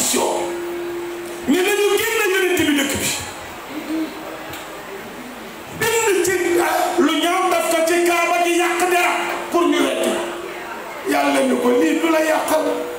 réaction ne dañu génn yonent bi dëkk bi benn ci ah, lu ñaaw daf ko ci kaaba gi yàq dara pour ñu wetti yàlla ni ko lii du la yàqal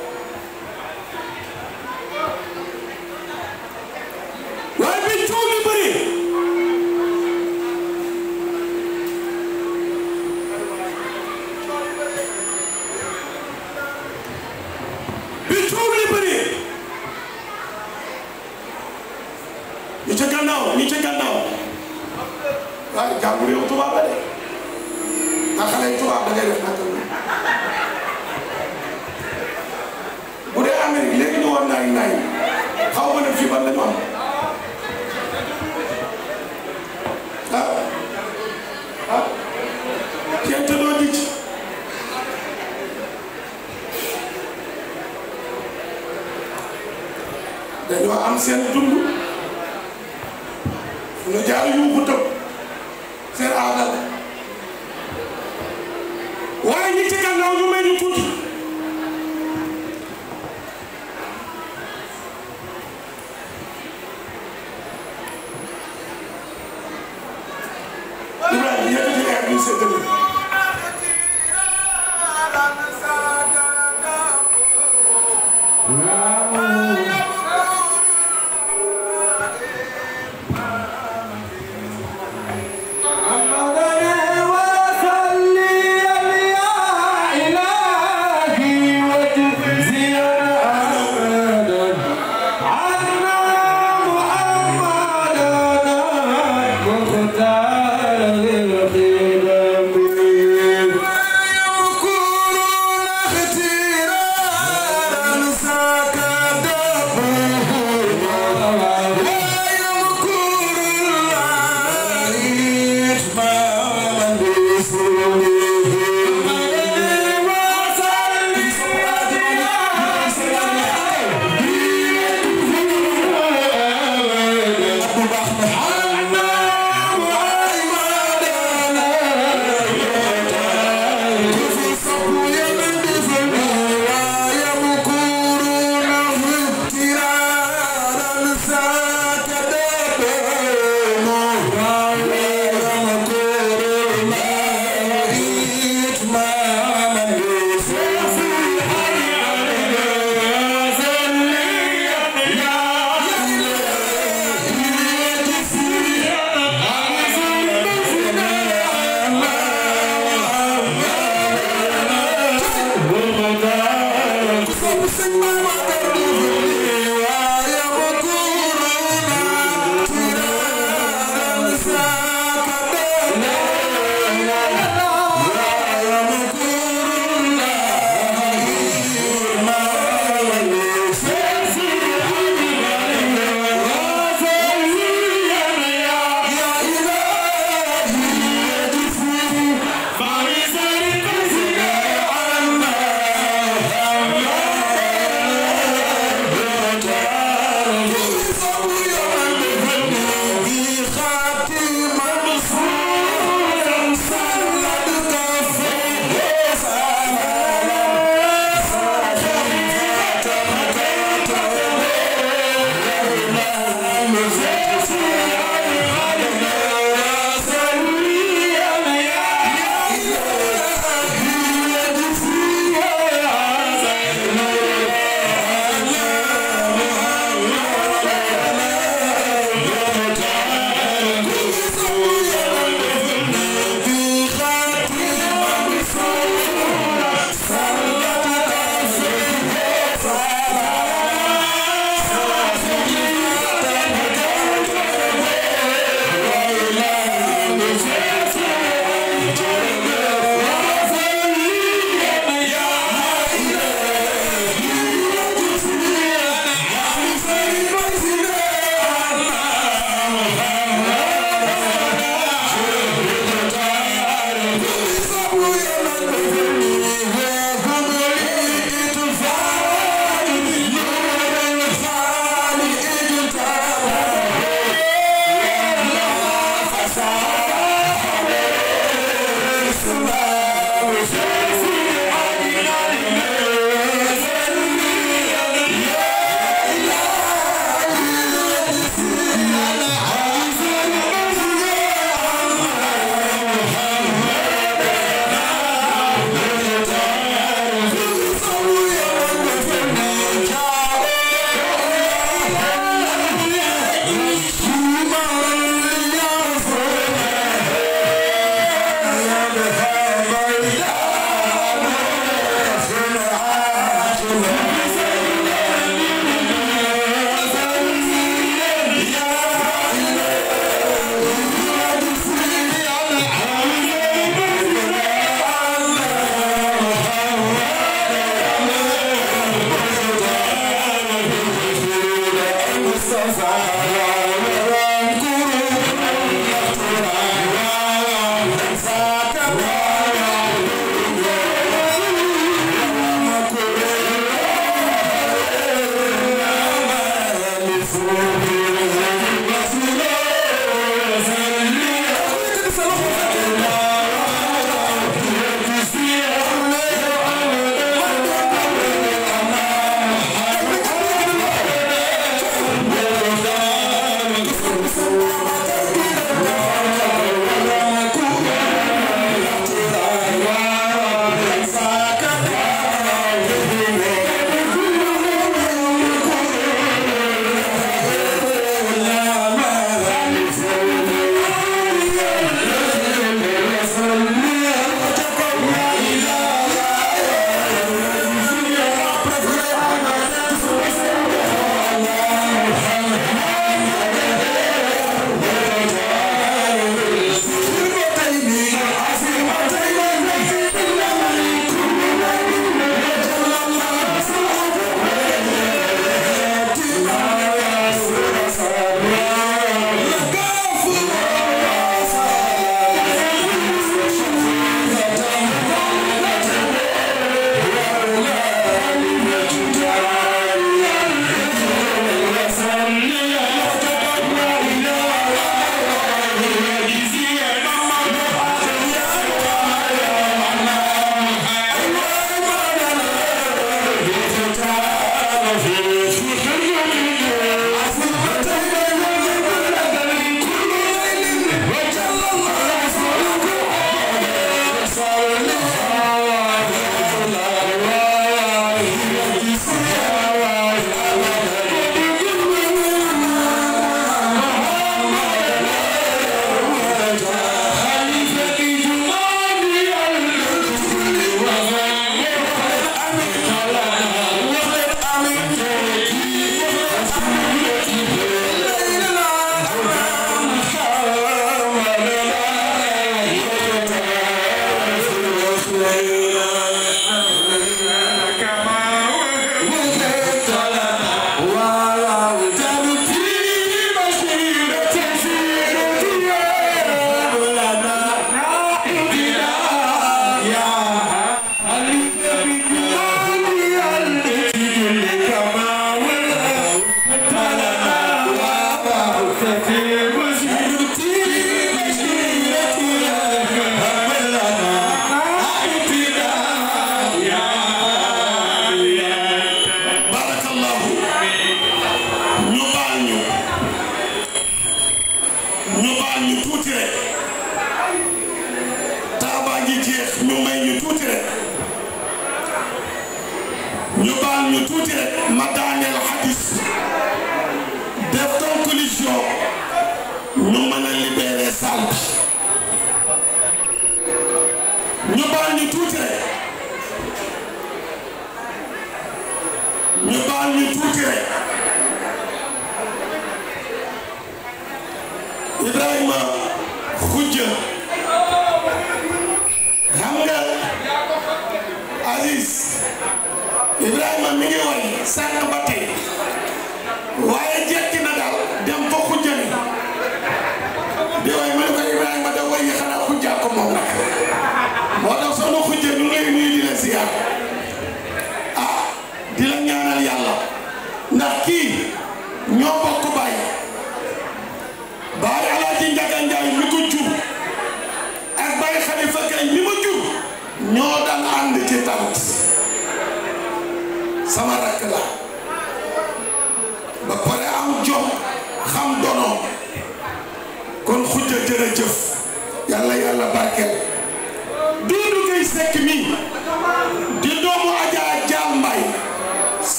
네, 네.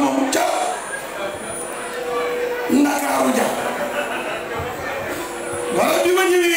moom ca Ndakaaru ja wala bi ma ñëwee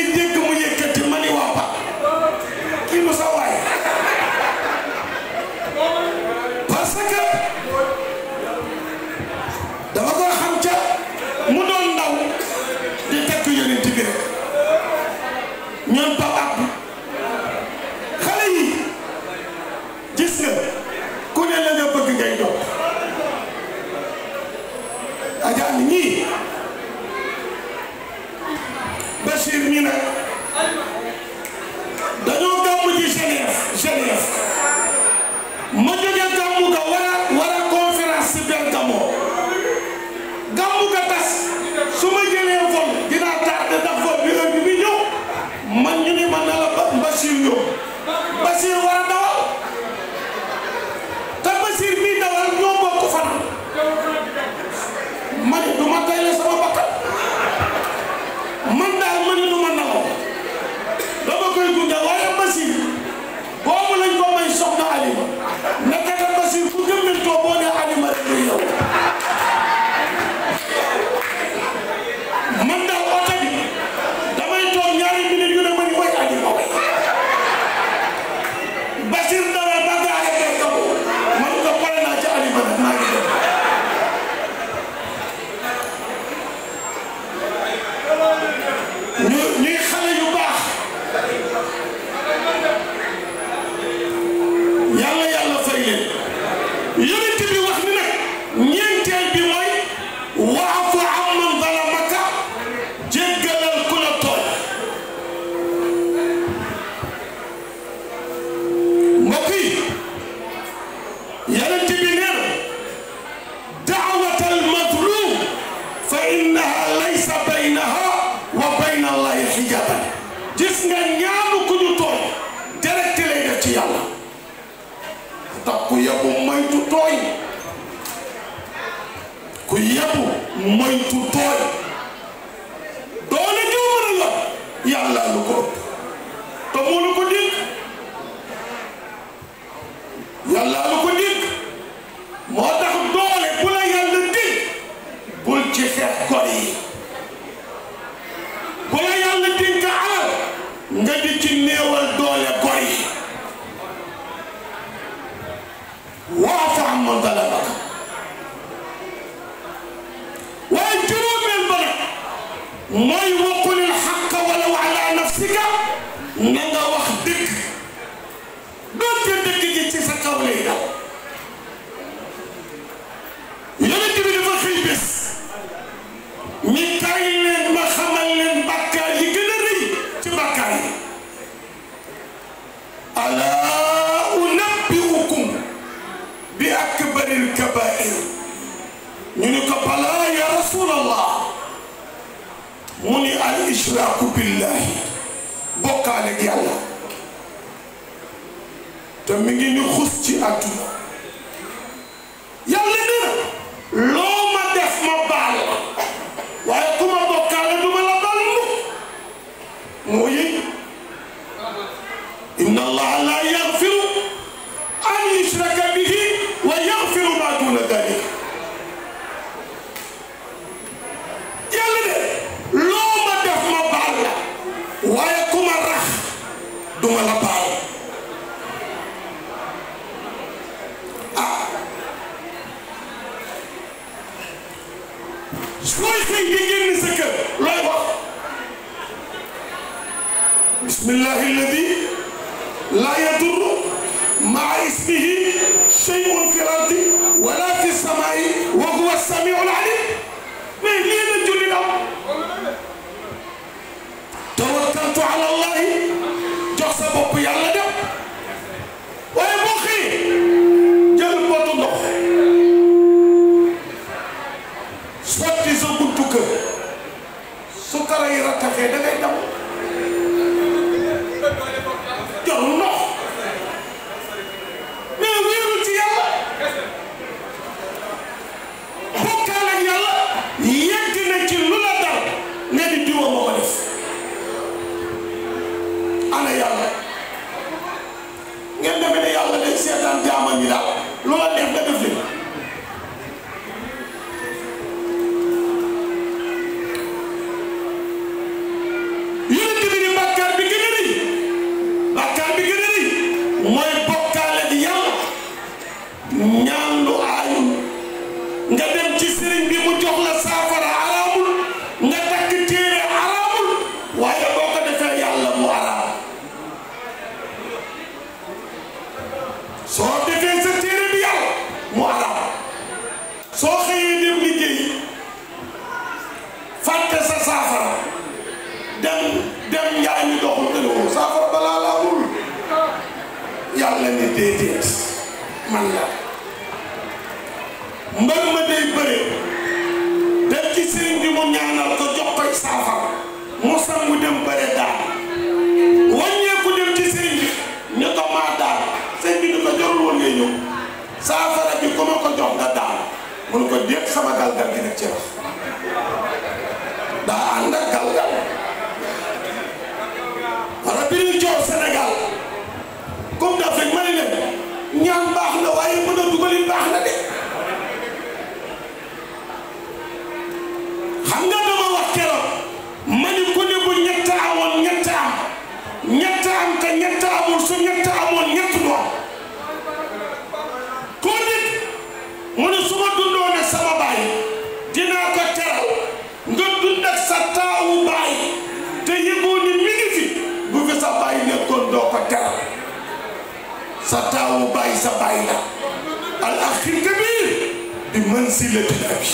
sa bàyyi la al axil kabir bi manzilatil abi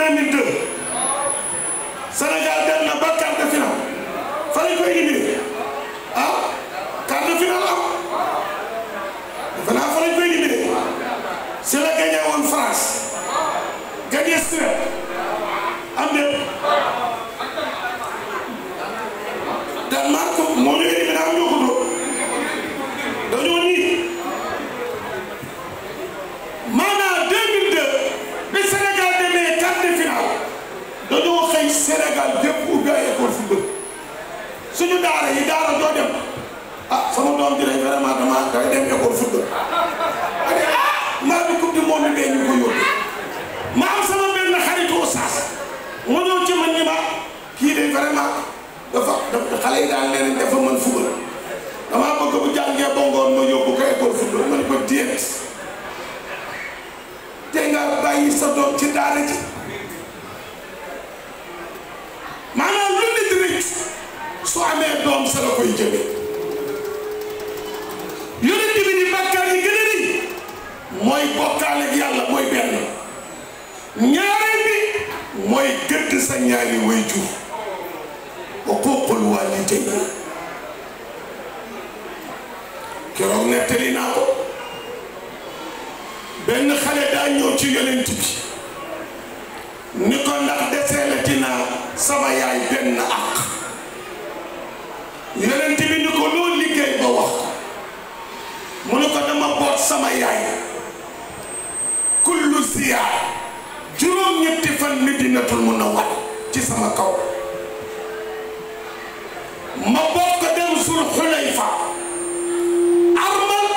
2002 Sénégal ak ñaari wayjur uquuqul waalidayn keroog nettali naa ko benn xale daa ñëw ci yonent bi ni ko ndax deseelati naa sama yaay benn àq yonent bi ni ko loo liggéey ba wax mu ko dama boot sama yaay kullu ziyaar juróom ñetti fan Madinatul Munawwara ma kaw ma bokk dem sul xulayfa armal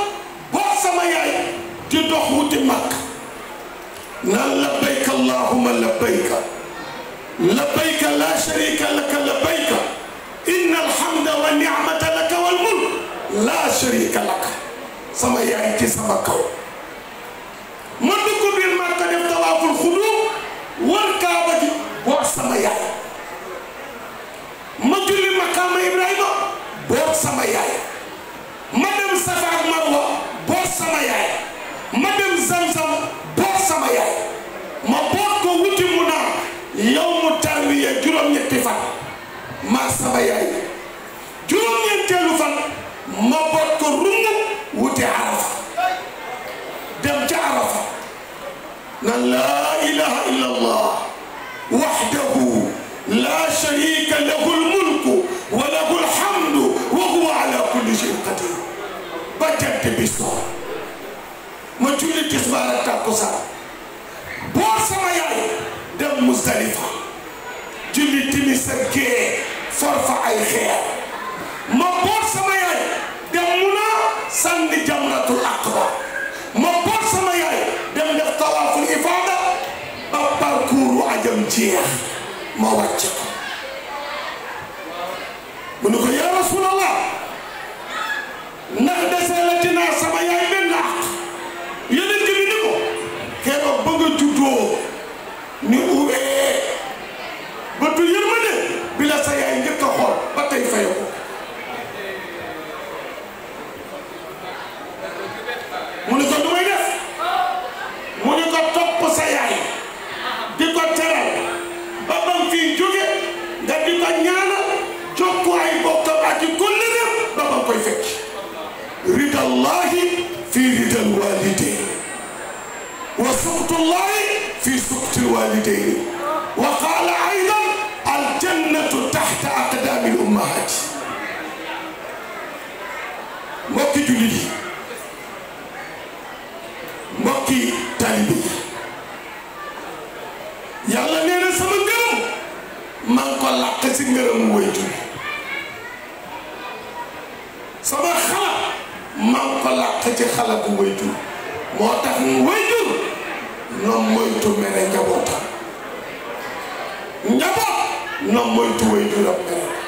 bokk sama yaay di dox wuti mag naan labbayka allahuma labbayka labbayka la sharika laka labbayka inna alhamda wa ni'mata laka wal mulk la sharika laka sama yaay ci sama kaw làq sama xalaat maa ko làq ci xalaatu way jur moo tax way jur na moytu mere njabootam njaboot na moytu way juram mere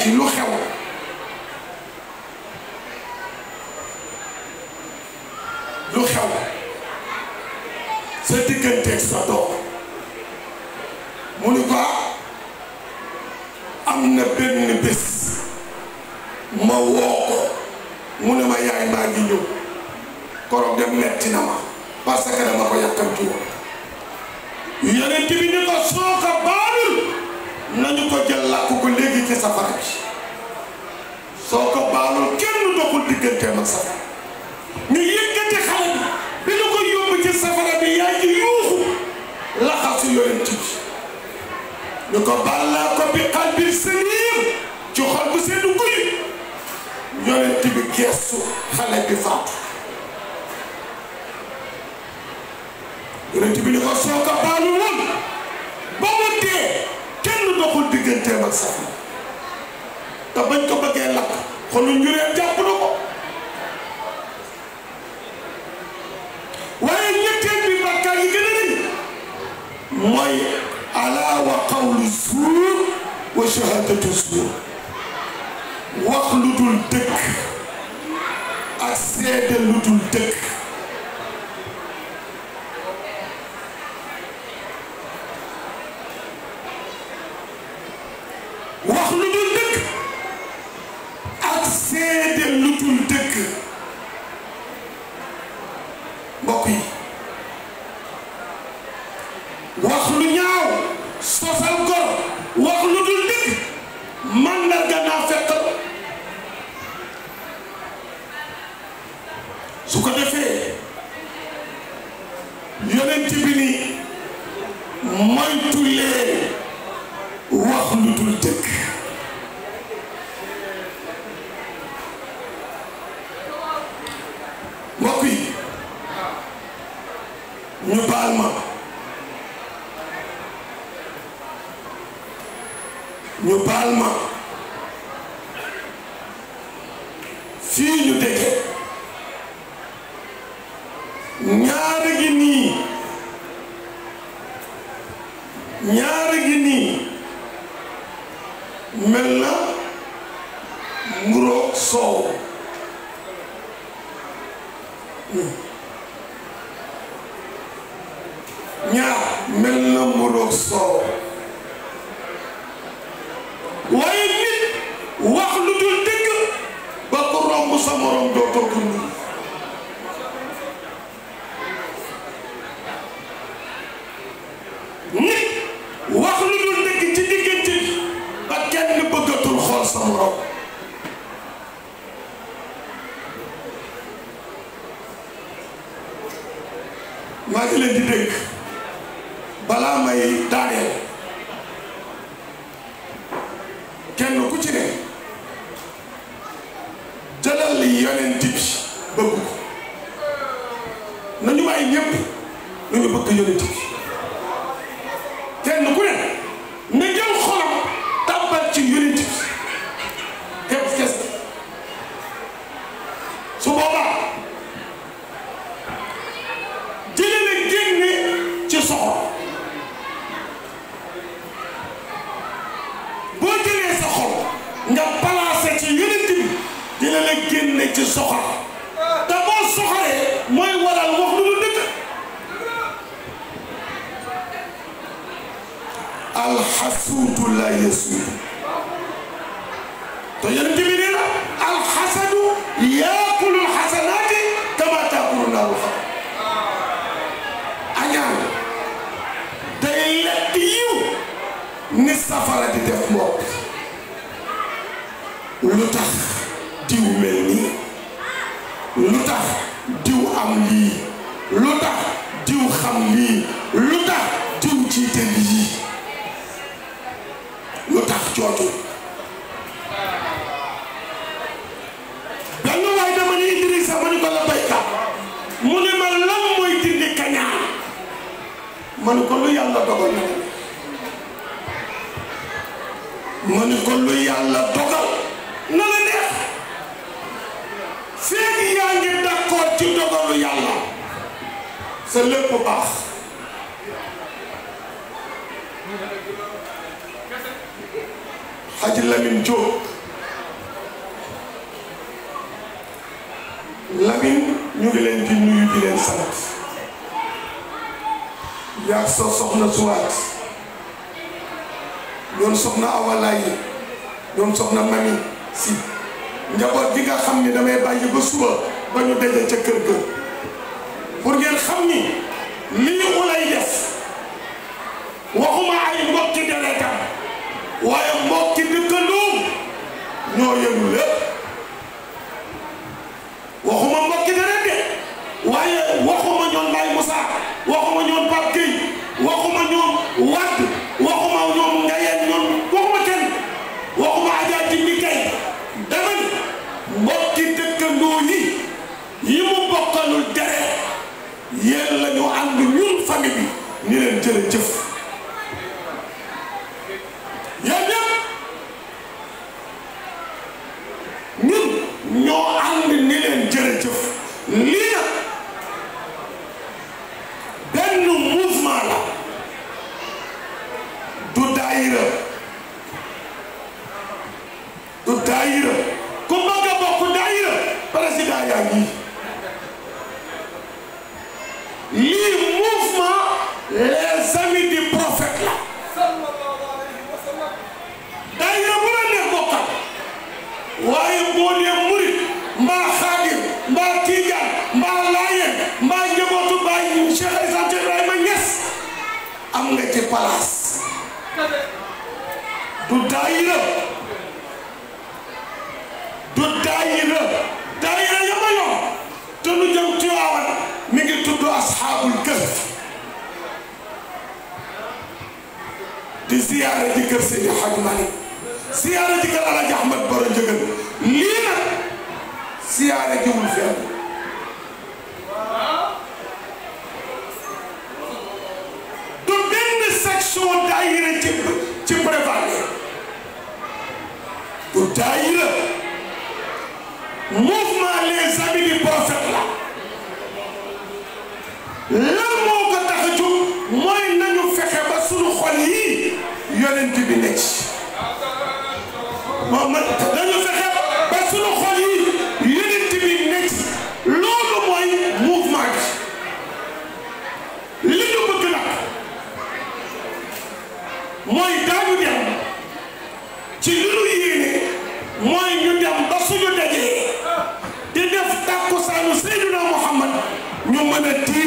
ci lu xew lu xew sa digganteeg sa doom mu ni ko am na benn bés ma woo mu ne ma yaay maa ngi ñëw koroog dem metti na ma parce dama ko yàkkamti woon yonent bi ko soo ko baalul nañu ko jël digganteem ak safara bi bi ko yóbbu ci safara bi yaa ngi yuuxu laxasu yonent bi ko bàllaa ko bi qalbin saliim ci xol bu seddu guy yonent bi ko soo ko baalu woon ba kenn doxul digganteem ak te bañ ko bëggee lakk xolu njureen jàpp na ko waaye ñetteel bi bàkkaar yi gën a rëy mooy alaa wa qawlu zuur wa shahadatu zuur wax lu dul dëkk ak seede lu dul dëkk wax lu dul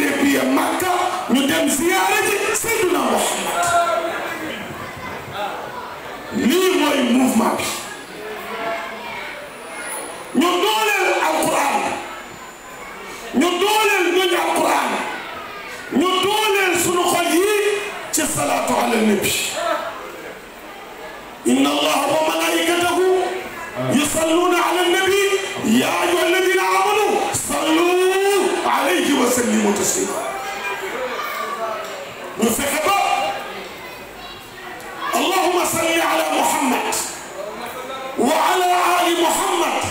نبيه مكة ندم زيارة سيدنا محمد لي موي موفمنت ندول القران ندول دنيا القران ندول سونو خوي تي صلاه على النبي ان الله وملائكته يصلون على النبي يا تصديقا اللهم صل على محمد وعلى آل محمد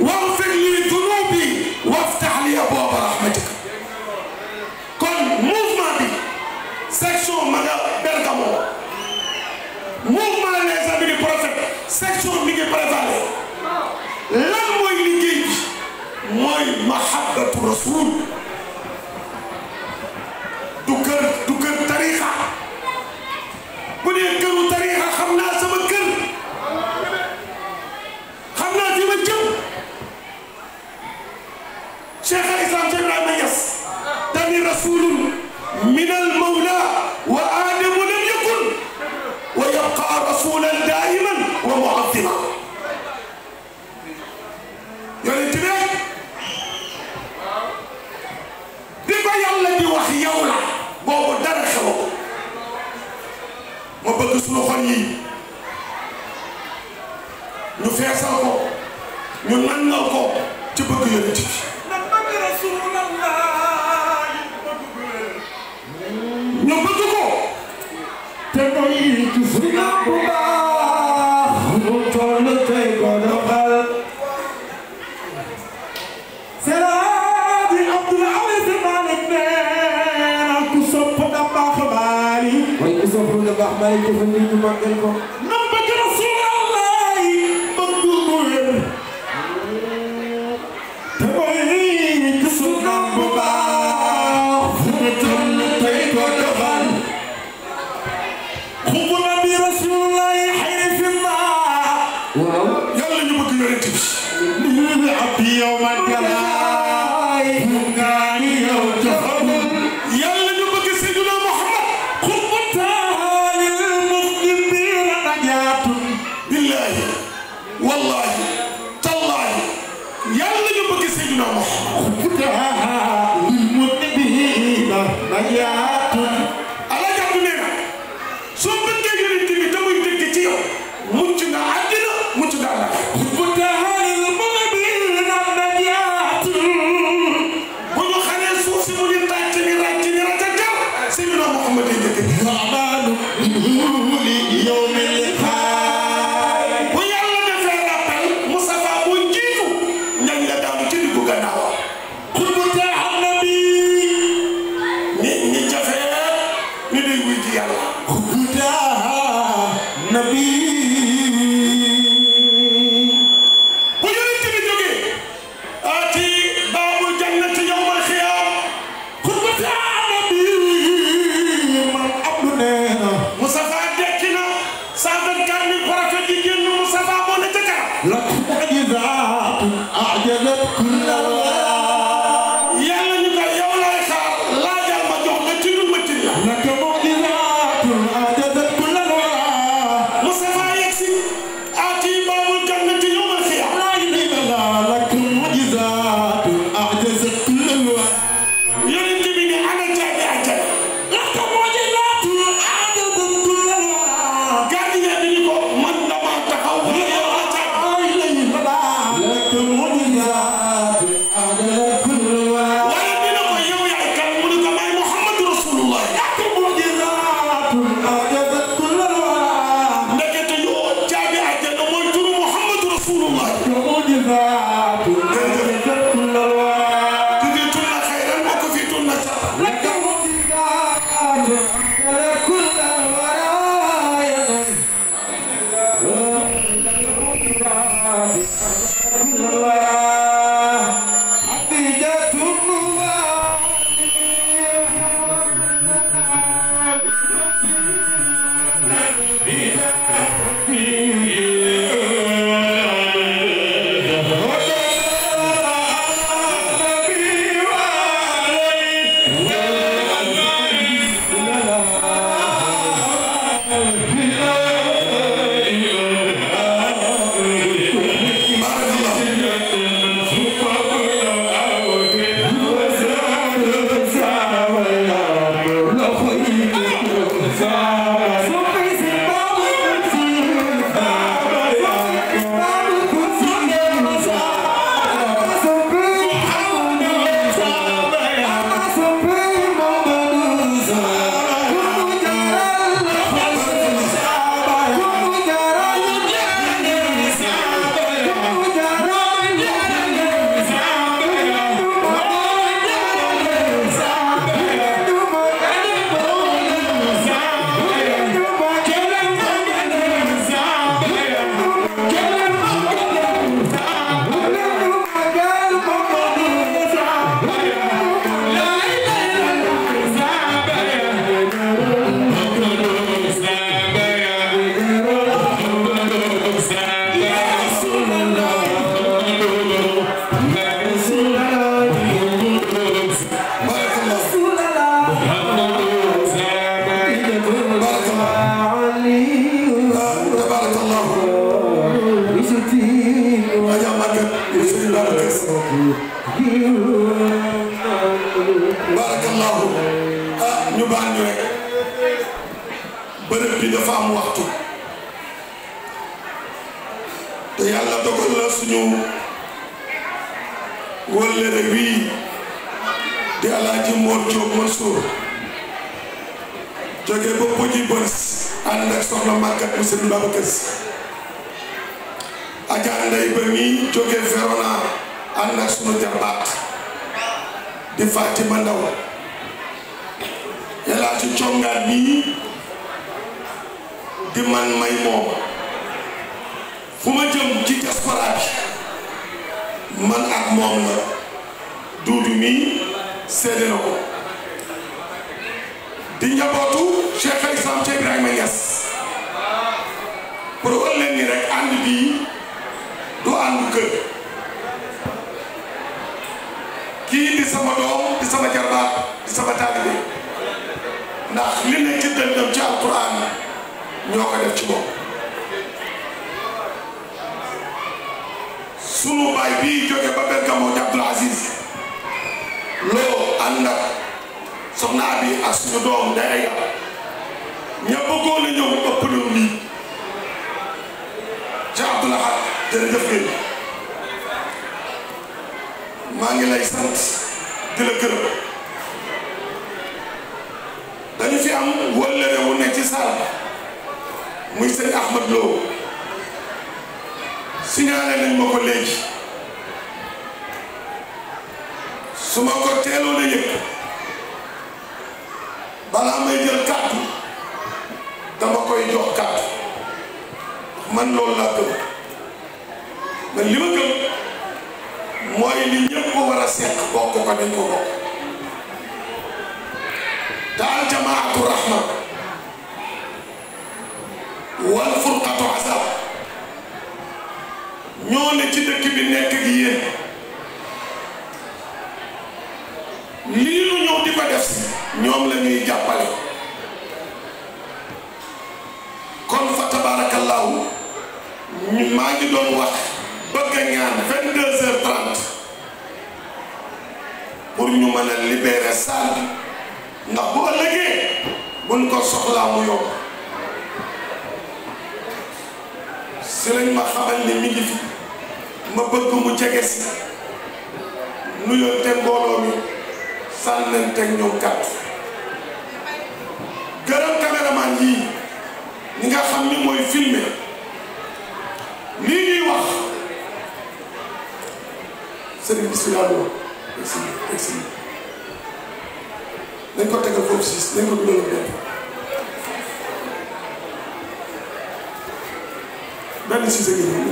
واغفر لي ذنوبي وافتح لي أبواب رحمتك كون موفمان بي سيكسيون مانا بيرغامو موفمان les amis du prophète section mi ngi prévalé lan mooy liggéey rasul barakallahu ah ñu baal ñu rek bërëb bi dafa am waxtu te yàlla dogal na suñu wëllëre wii di Alaaji Mor Diop Mansour jóge ba puji bës ànd ak soxna màggat bu sëñ Babacar Si Adja Ndeye ba mii jóge Verona am na sunu jarbaat di Fatima Ndaw yàllaa ci congaat bii di man may moom fu ma jëm ci diaspora bi man ak moom la duudu mi seede ko di njabootu Cheikh al Islam Cheikh Ibrahima Niass pour ëllëg ni rek ànd bii du àndu kër kii di sama doom di sama jarbaat di sama taalibe ndax li ne ci dëndam ci alquran ñoo ko def ci bopp sunu bii jóge ba Bergamo di loo ànd ak soxna bi ak suñu doom day ay ña bëggoon a ñëw ëpp ñoom lii ca Abdul Ahad jërëjëf maa ngi lay sant di la gërëm dañu fi am wëllëre wu ne ci saal muy sëñ Ahmad Lo signalé nañ ma ko léegi su ma ko teeloon a yëg balaa may jël kàddu dama koy jox kàddu man loolu laa gëm man li ma gëm mooy li ñëpp ko war a seq bokk ko dañ ko bokk te aljamaatu furqatu azab ñoo ne ci dëkk bi nekk gi yéen lii lu ñëw di ko def ñoom la jàppale mën a libérer salle bi ndax bu ëllëgee buñ ko soxlaa mu yokk si lañ ma xamal ni mi ngi fi ma bëgg mu jege si nuyoo te mbooloo mi sànnante ak ñoom kàddu gërëm caméraman yii ñi nga xam ni mooy filmé lii ñuy wax sëriñ bi si nañ ko tegal foofu siis nañ ko dugal ak benn benn siis ak yéen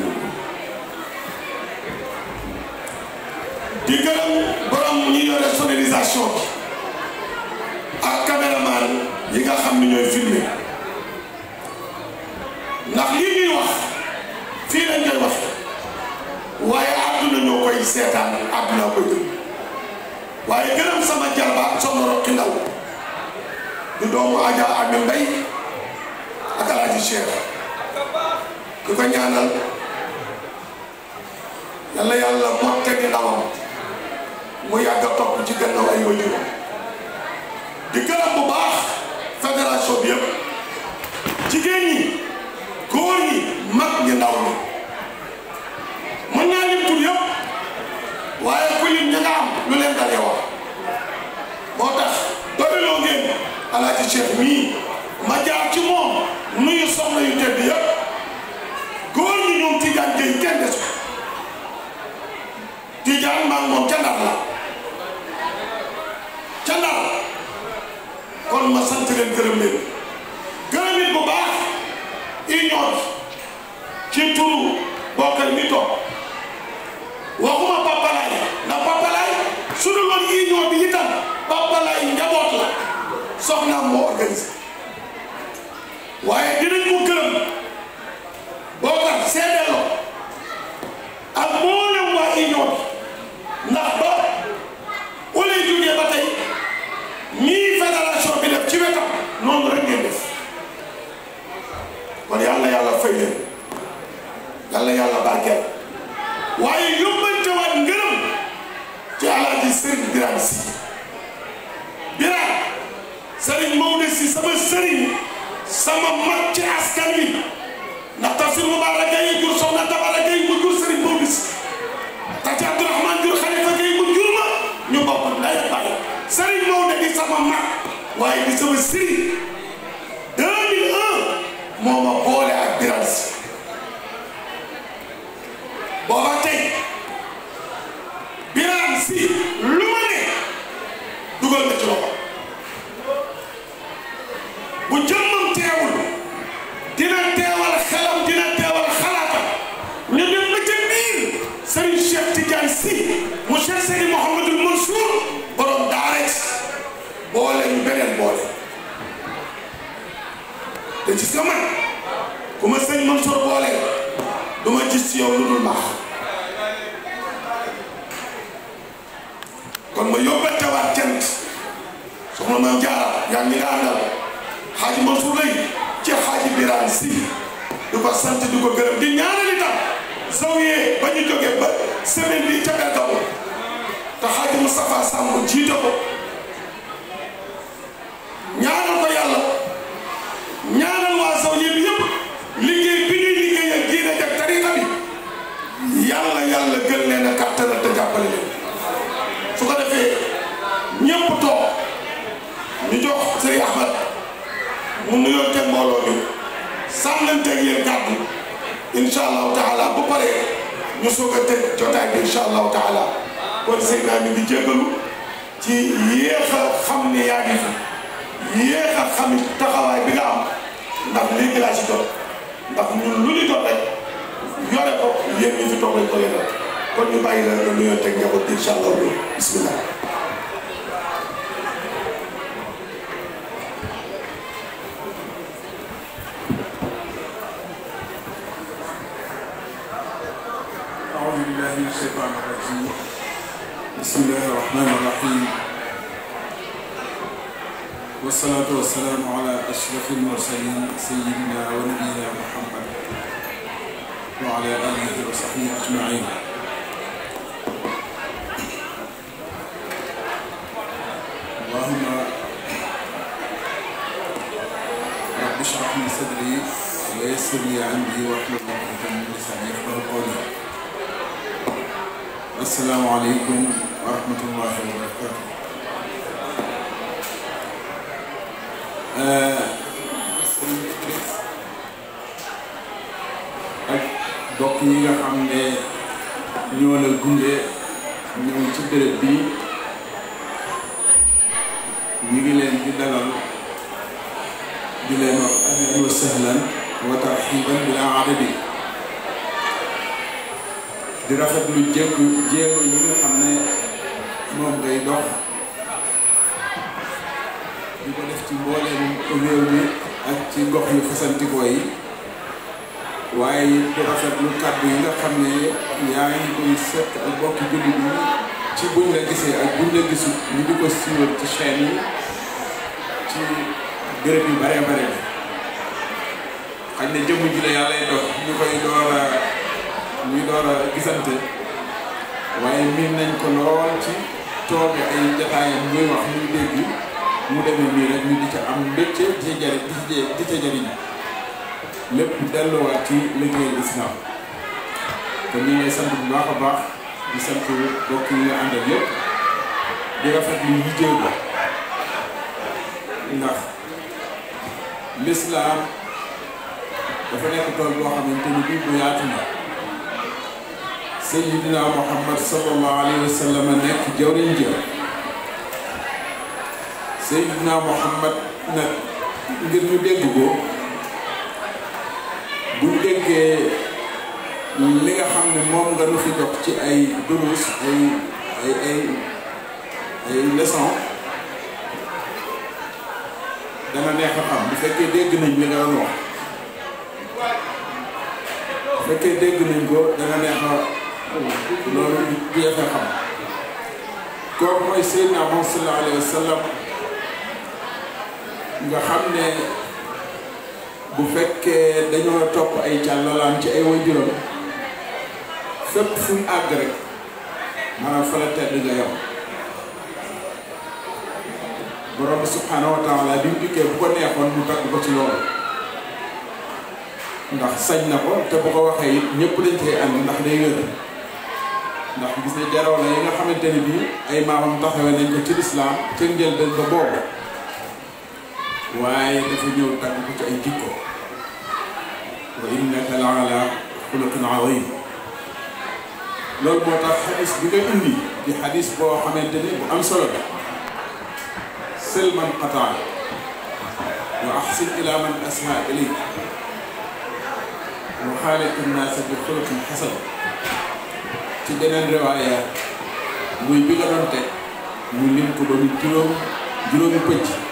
di gërëm borom ñi yore sonorisation ak caméraman yi nga xam ni ñooy filmé ndax lii ñuy wax fii lañ koy wax waaye àdduna ñoo koy seetaan àdduna koy déglu. waaye gërëm sama jarbaat soxna Roqi Ndaw du doomu Adja Ami Mbay ak Alaaji Cheikh ku ko ñaanal yàlla yàlla mottali ndawam mu yàgg a topp ci gannaaw ay waajuram di gërëm bu baax fédération bi yëpp jigéen ñi góor ñi mag ñi ndaw ñi mën naa lim tur waaye nga am lu leen dalee wax moo tax doyloo ngeen alaaji Cheikh mii ma jaar ci moom nuyu soxna yu tedd yëpp góor ñi ñoom Tidiane Gueye kenn des ko Tidiane maa ngi moom la ca kon ma sant gërëm leen beneen jotaay bi incha allahu taala kon sëñ mi ngi jéggalu ci yéex a xam ne yaa ngi fi yéex a xam taxawaay bi nga am ndax léegi laa si jot ndax ñun lu ñu jot rek yore ko yéen ñi fi toog lañ ko yore kon ñu bàyyi la nga nuyoo teg njaboot bi incha allah bismillah وعلى آله وصحبه أجمعين اللهم رب اشرح لي صدري ويسر لي عندي واحلل عقدة من لساني يفقهوا قولي السلام عليكم ورحمة الله وبركاته آه ñi nga xam ne ñoo la gunge ñëw ci béréb bi ñu ngi leen di dalal di leen wax ahlan wa sahlan wa tarxiban bila adabi di rafet lu jëkk jéego yi nga xam ne moom ngay dox di ko def ci mbooleem réew mi ak ci gox yu fasantikoo yi waaye yéen di rafetlu kàddu yi nga xam ne yaa ngi koy seq ak bokki jullit yi ci buñ la gisee ak buñ la gisul ñu di ko siiwal ci chaîne yi ci gërëb yu bare bare la xaj na jëmm ji la yàllay dox ñu koy door a ñu gisante waaye miin nañ ko lool ci tooge ay jataayam muy wax muy dégg mu demee nii rek ñu di ca am mbégte di ca jariñ di ca jariñ lépp delluwaat ci liggéeyu islam kon ñu ngi lay sant bu baax a baax di sant bokk yi nga àndal yëpp di rafet lu yittee ko ndax lislaam dafa nekk tool boo xamante ni bii bu yaatu na sayyidina Muhammad sallallahu alayhi wa sallam nekk jawriñ jëw sayyidina Muhammad nag ngir ñu dégg ko li nga xam ne moom nga nu fi jox ci ay duruus ay ay ay ay neex a xam bu fekkee dégg nañ li nga doon wax fekkee dégg nañ ko dana neex a loolu du jafe xam kooku mooy Seydina moom sallallahu alayhi wa sallam nga xam ne bu fekkee dañoo topp ay càllalaan ci ay waajuram fépp fu àgg rek maanaam fa la tedd nga yow borom subhaanahu wa taala bi mu dikkee bu ko neexoon mu tagg ko ci loolu ndax sañ na ko te bu ko waxee it ñëpp dañ cee ànd ndax day wér ndax gis ne jaroo la yi nga xamante ni bii ay maamam taxawee nañ ko ci lislaam ca njëlbeen ba boobu waaye dafa ñëw tàgg ko ci ay jikko wa innaka la ala xuluqin azim loolu moo tax xadis bi nga indi di xadis boo xamante ne bu am solo la selman qataa wa axsin ila man asha ilayk wa xaaliq annaasa bi xuluqin xasan ci beneen riwaaya muy bi nga doon teg muy lim ko ba mu juróom juróomi pëcc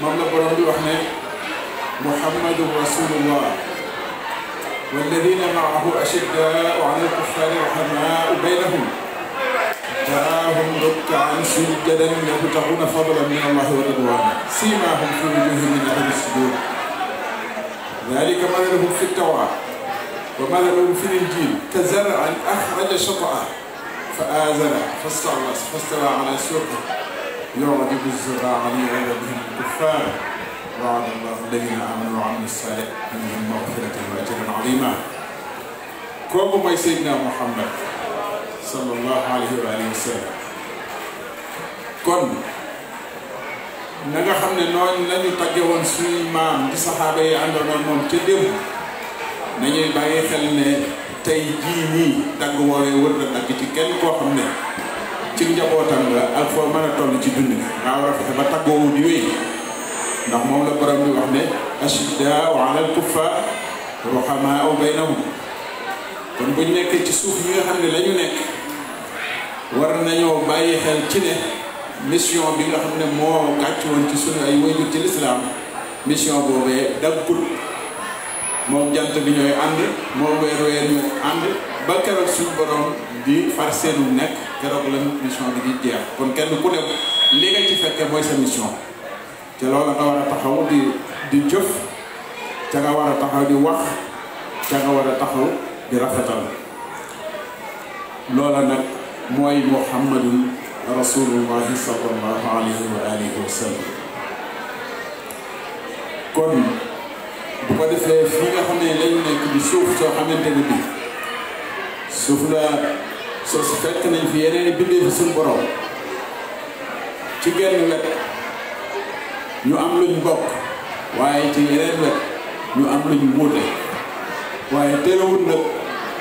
moom la borom محمد رسول الله والذين معه أشداء maahu الكفار رحماء بينهم تراهم ركعا سجدا يبتغون فضلا من الله ورضوانا سيماهم في وجوههم من اهل السجود ذلك مثلهم في التوراه ومثلهم في الانجيل كزرع اخرج شطاه فازره فاستغلظ فاستوى على سوقه يوم يجب الزغار علي عبدهم الكفار وعد الله الذين امنوا وعملوا الصالح منهم مغفره واجرا عظيما كم ما سيدنا محمد صلى الله عليه واله وسلم كن نغا خامن نون لا ني تاجيون سوي مام دي صحابه يي اندون موم تي ديم ني باغي خل ني تاي جي ني داغ ووي وورد داغ تي كين كو خامن ci njabootam la ak foo mën a toll ci dund maa war a fexe ba tàggoowu di wéy ndax moom la borom bi wax ne ashiddaau alal kuffaar ruhamaau baynahum kon buñ nekkee ci suuf yi nga xam ne la nekk war nañoo bàyyi xel ci ne mission bi nga xam ne moo gàcc woon ci sunu ay wayjur ci lislaam mission boobee daggul moom jant bi ñooy ànd moom weer weer ñu ànd ba keroog suñu borom bi far seenu nekk keroog la mission bi di jeex kon kenn ku ne li nga ci fekke mooy sa mission te loolu nga war a taxaw di di jëf ca nga war a taxaw di wax ca nga war a taxaw di rafetal loola nag mooy muhammadun rasulullahi sallallahu wa alihi wa kon bu ko defee fii nga xam ne lañu nekk di suuf soo xamante bi suuf la soosu fekk nañ fi yeneen i bindee fi suñu borom ci genn wet ñu am luñ bokk waaye ci yeneen wet ñu am luñ wuute waaye terewul nag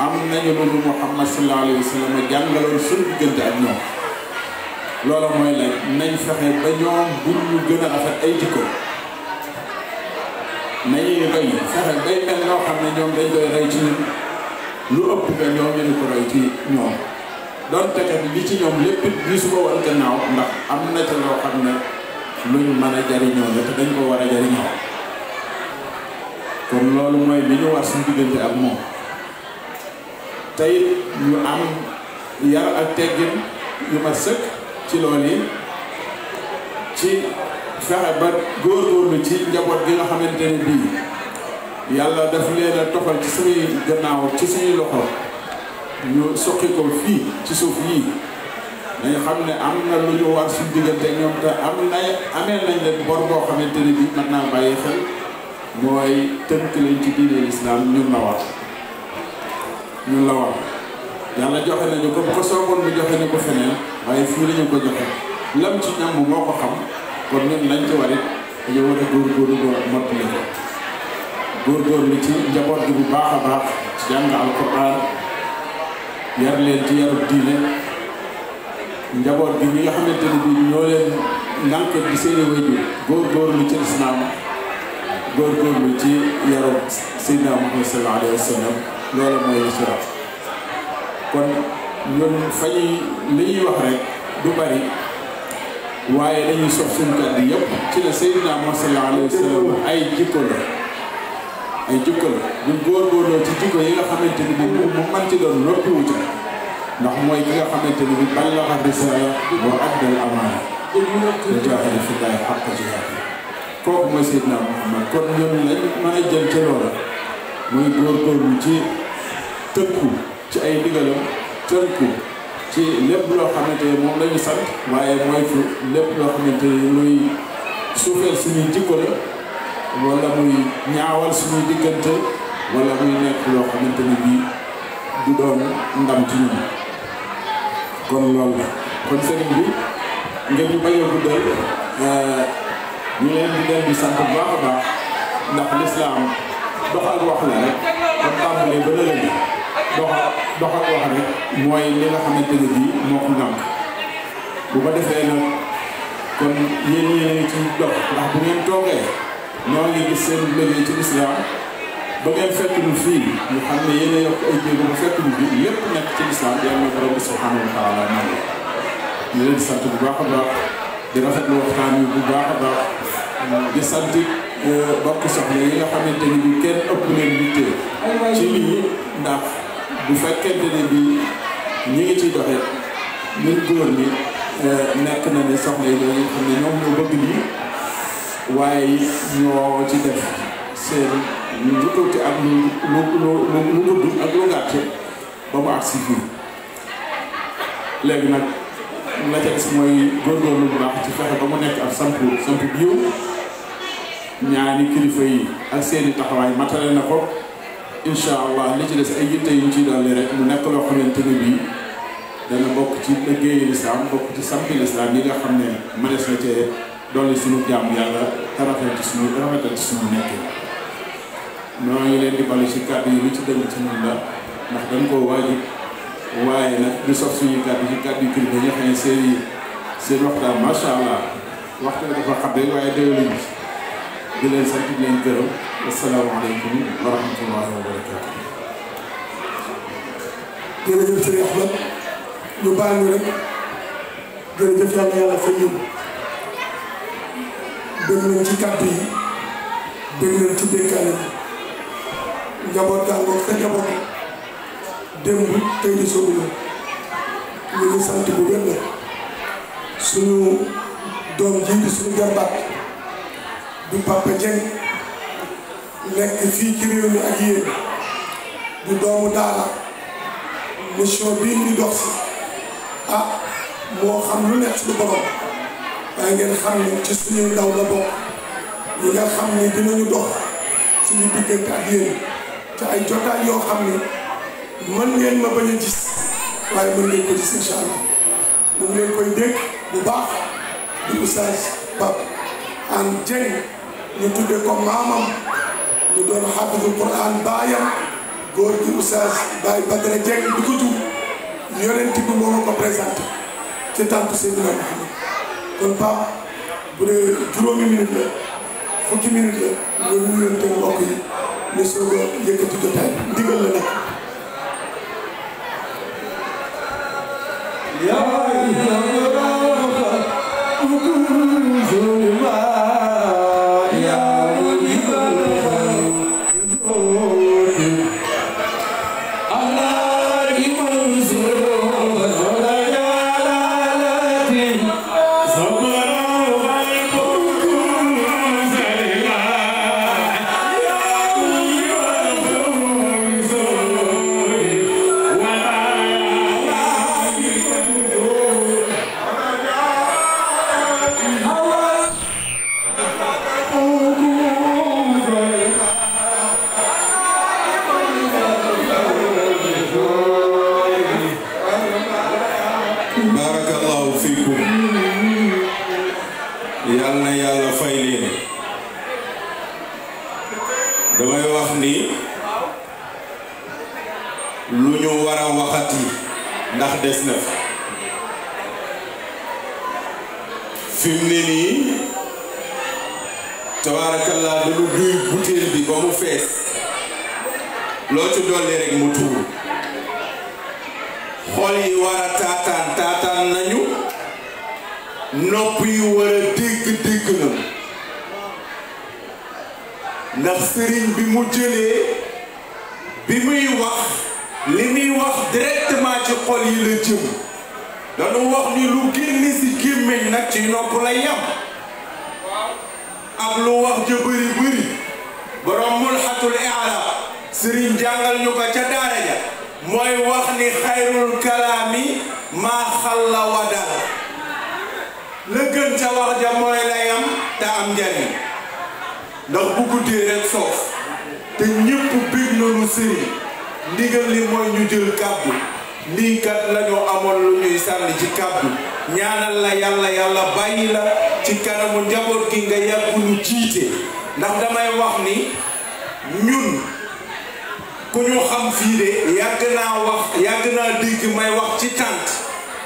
am nañu lu Muhammad sallallahu alayhi wa sallam jàngaloon suñu diggante ak ñoom loola mooy lañ nañ fexe ba ñoom buñ ñu gën a rafet ay jikko nañuy roy fexe bay mel noo xam ne ñoom dañ koy roy ci ñun lu ëpp nga ñoom ñu ko roy ci ñoom donte kat li ci ñoom lépp it gisu ko woon gannaaw ndax am na ca loo xam ne lu ñu mën a jariñoo la te dañ ko war a jariñoo kon loolu mooy bi ñu war suñu diggante ak moom tey ñu am yar ak teggin yu ma sëkk ci loolu yi ci fexe ba góorgóorlu ci njaboot gi nga xamante ne bii yàlla daf leen a toxal ci suñuy gannaaw ci suñuy loxo ñu suqi ko fii ci suuf yii dañu xam ne am na lu ñu war suñu diggante ñoom te amee nañ leen bor boo xamante ne bii mën naa bàyyi xel mooy tënk lañ ci diine lislaam ñun la war ñun la war yàlla joxe nañu ko bu ko sooboon bu joxe ne ko feneen waaye fii lañu ko joxe lam ci ñam moo ko xam kon ñun lañ ci warit dañu war a góorgóorlu ba mottali ko góorgóorlu ci njaboot gi bu baax a baax ci jàng alquran yar leen ci yarub diine njaboot gi ñi nga xamante ne bii ñoo leen lànk di seeni wayjur góorgóorlu ci lislaam góorgóorlu ci yarub Seydina Muhammad sallallahu alayhi wa sallam loolu mooy sira kon ñun fañuy li ñuy wax rek du bari waaye dañuy sof suñu kàddu yépp ci la Seydina Muhammad sallallahu alayhi ay jikko la ay jikko la buñ góorgóorloo ci jikko yi nga xamante ni bi mu man ci doon loppi ndax mooy ki nga xamante ni bi ballaxa risaala wa addal amaana wa jaahada fillaahi haqqa jihaadi kooku mooy Seydina Muhammad kon ñun lañ mën a jël ca loola muy góorgóorlu ci tënku ci ay ndigalam tënku ci lépp loo xamante ni moom lañu sant waaye mooy fu lépp loo xamante ni luy suufeel suñuy jikko la wala muy ñaawal suñuy diggante wala muy nekk loo xamante ni bii du doon ndam ci kon loolu la kon sëriñ bi ngeen ñu bañ a guddal eh, ñu leen di leen sant bu baax baax ndax lislaam doxal wax la rek ba tàmbalee ba lële bi doxal wax rek mooy li nga xamante ni bii moo ko ndam bu ko defee nag kon yéen yéen ci dox ndax bu ngeen toogee. ñoo ngi gis seen liggéey ci lislaam ba ngeen fekk ñu fii ñu xam ne yéen a yokk ay jéego ba fekk ñu bi lépp nekk ci lislaam yàlla na borom bi subhanahu wa taala nangu ñu leen di sant bu baax a baax di rafetlu waxtaan yi bu baax a baax di sant bokk soxna yi nga xamante ni bi kenn ëpp leen yitte ci lii ndax bu fekkente ne bi ñi ngi ciy doxe ñun góor ñi nekk na ne soxna yi dañuy xam ne ñoom ñoo bëgg lii waaye it ñoo ci def seen lu tuuti ak lu lu lu gudd ak lu gàtt ba mu agsi fii léegi nag la ca des mooy góorgóorlu bu baax ci fexe ba mu nekk ak sampu sampu biiw ñaari kilifa yi ak seeni taxawaay matale na ko incha allah li ci des ay yitte yuñ ciy dolli rek mu nekk loo xamante ne bii dana bokk ci liggéeyu lislaam bokk ci sampi yi nga xam ne mënees na cee doole suñu jàmm yàlla rafet ci suñu rafetal ci suñu nekk a ngi leen di bale ci kàddu yi lu ci dëng ci ñun la ndax dañ koo waajib waaye nag du sof suñu kàddu ci kàddu yu kilifa ñaxee seen seen waxtaan macha allah waxtaan dafa xam waaye déglu ñu di leen sant di leen gërëm asalaamaaleykum wa rahmatullahi wa barakaatu. jërëjëf sëriñ Ahmed ñu baal yàlla fa ñun. dégg leen ci kàddu yi dégg ci dénkaane bi njaboot gaa ngoog sa njaboot démb tey di sóobu la ñu ngi sant bu wér suñu doom ji suñu garbaat du Papa Dieng nekk fii ci réew mi ak yéen du doomu daara mission bii ñu dox si ah moo xam lu nekk suñu borom waaye ngeen xam ne ci suñuy ndaw la bokk ñi nga xam ne dinañu dox suñu diggante ak yéen te ay jotaay yoo xam ne mën ngeen ma bañ a gis waaye mën ngeen ko gis incha allah mu leen koy dégg bu baax di oustaz Pape Hann Dieng ñu tudde ko maamam ñu doon xaafidul Quran baayam góor gi oustaz Baye Badara Dieng di ko tur yonent bi moo ma ko présenté ci tàntu Seydina kon Pape bu dee juróomi minute fukki minute la nga wuyante mbokk yi ne soo ko yëkkati jotaay ndigal la nag. yaa ci dolli rek mu tuur xol yi war a taataan taataan nañu nopp yi war a dégg dégg na ndax sëriñ bi mu jëlee bi muy wax li muy wax directement ci xol yi la jëm dañu wax ni lu génn ci gémmiñ nag ci nopp la yem ak lu wax ja bëri bëri borom mulxatul sëriñ jàngal ñu ko ca daara ja mooy wax ni xayrul kalaami maa xalla wadala la gën ca wax ja mooy layam te am njariñ ndax bu guddee rek soof te ñépp biir nañu sëriñ ndigal li mooy ñu jël kàddu lii lañu amoon lu ñuy sànni ci kàddu ñaanal la yàlla yàlla bàyyi la ci kanamu njaboot gi nga yàggu ñu jiite ndax damay wax ni ñun ku ñu xam fii de yàgg naa wax yàgg naa dégg may wax ci tànt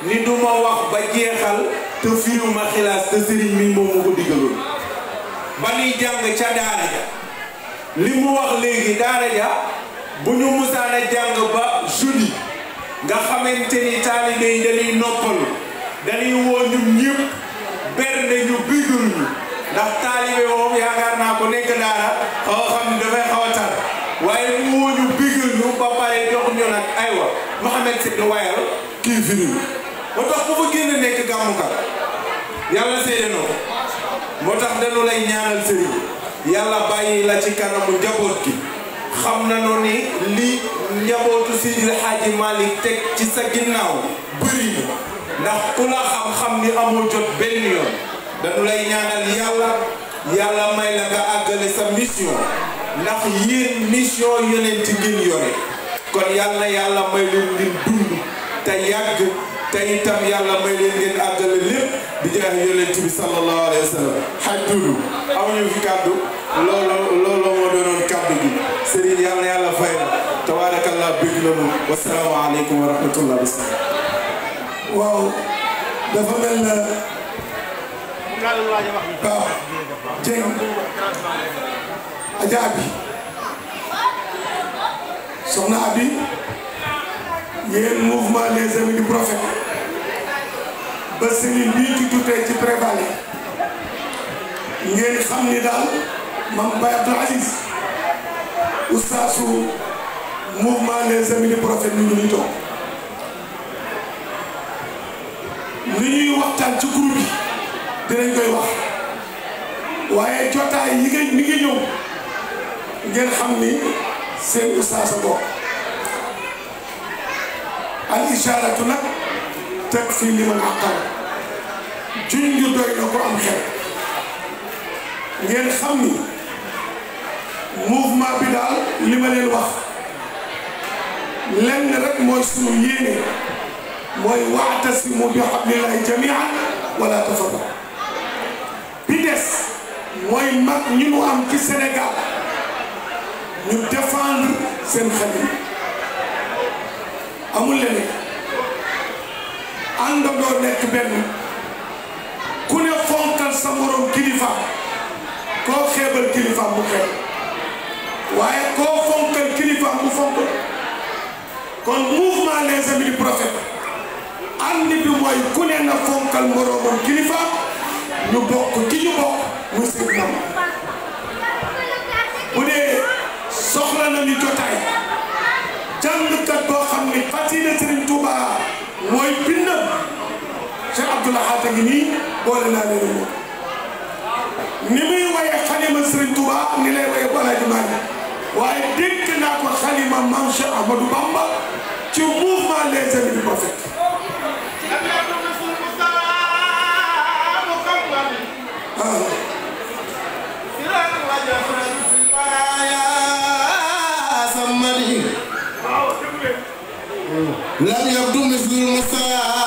ni du wax ba jeexal te fiiruma xilaas te sëriñ moom ma ko digaloon ba nuy jàng ca daara ja li mu wax léegi daara ja bu ñu musaana jàng ba jeudi nga xamante ni taalibe yi dañuy noppalu dañuy woo ñun ñëpp berne ñu bigaluñu ndax taalibe moom yaakaar naa ko nekk daara xaw xam ne dafay xaw a tar waaye mu woo ñu ba pare jox ñu nag aywa Mouhamed Seck waayal kii firi moo tax ku fa génn nekk gàmmukat yàlla seede noo moo tax dañu lay ñaanal sëriñ yàlla bàyyi la ci kanamu njaboot gi xam nañu ni li njabootu Seydi Hadji Malick teg ci sa ginnaaw bëri na ndax ku la xam-xam ni amoo jot benn yoon dañu lay ñaanal yàlla yàlla may la nga àggale sa mission ndax yéen mission yonent ngeen yore kon yal na yàlla may leen ngeen dund te yàgg te itam yàlla may leen ngeen àggale lépp di jeex yonent bi sallallahu alayhi wa sallam kàddu loolu loolu moo doonoon kàddu gi sëriñ yal yàlla fay na tabaarakallah bëgg na waaw dafa mel na Adja Abi soxna Abi yéen mouvement les amis du prophète ba Serigne bii juddu tey ci Préval yi ngeen xam ni daal Mame Baye Abdou Aziz oustaasu mouvement les amis du prophète ñu ngi toog li ñuy waxtaan ci groupe bi dinañ koy wax waaye jotaay yi nga mi ngi ñëw. ngeen xam ni seen ustaas a bokk al ishaaratu nag teg li man àqal juñ ju doy na ko am xel ngeen xam ni mouvement bi daal li ma leen wax lenn rek mooy sunu yéene mooy wa'tasimu bi hablillahi jami'an wala tafarraqu bi des mooy mag ñi mu am ci senegal ñu défendre seen xarit amul leneen àndandoo nekk benn ku ne fonkal sa morom kilifa koo xeebal kilifa bu waaye koo fonkal kilifa bu fonk kon mouvement les amis du prophète ànd bi mooy ku ne na fonkal moromam kilifa ñu bokk ci ñu bokk mu seen soxla na ñu jotaay jàngkat boo xam ni xasida Sëriñ Tuuba mooy bindam Cheikh Abdoul Ahad a ngi nii ni lay waye bu Alaaji waaye dégg naa ko xalima Maam Cheikh Ahmadou Bamba ci mouvement les jeunes bi ko fekk ah Love your doom is good, Messiah.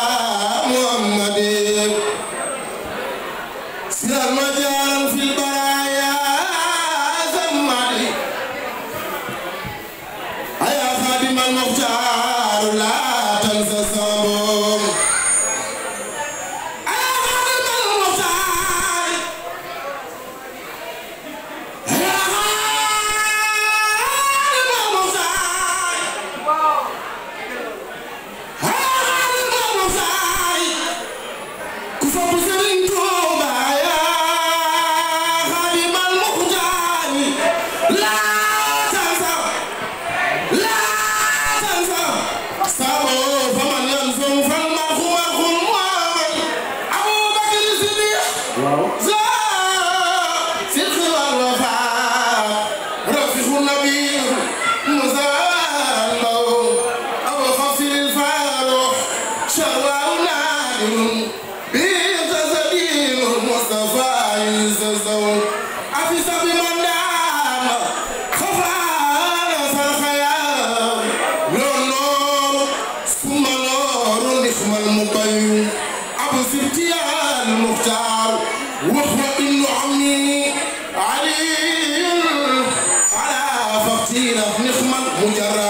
عمي أبو سبتي المختار وهو ابن عمي علي على فقتينا نخمة مجرد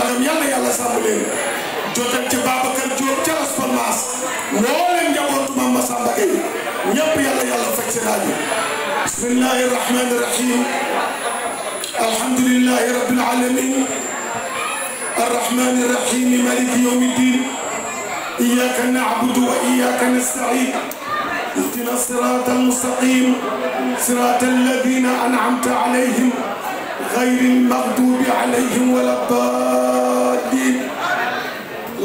مرم يلا يلا سامولين جوتن تي كان جوت تي اسبر ماس جابوت ماما سامباكي نيب يلا يلا فكسي بسم الله الرحمن الرحيم الحمد لله رب العالمين الرحمن الرحيم ملك يوم الدين اياك نعبد واياك نستعين اهدنا الصراط المستقيم صراط الذين انعمت عليهم غير المغضوب عليهم ولا الضالين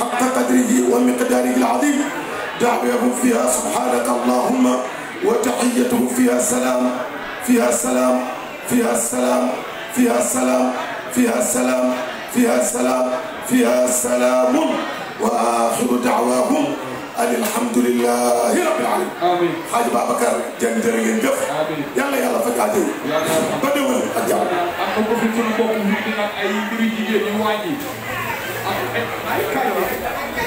حق قدره ومقداره العظيم دعوهم فيها سبحانك اللهم وتحيته فيها سلام فيها سلام فيها السلام فيها السلام فيها السلام فيها السلام فيها السلام واخر دعواهم ان الحمد لله رب العالمين امين حاج بكر جندر ينجف يلا يلا فكاتي بدو الجامع اكو في كل بوك في اي بريجي يواني 毎回は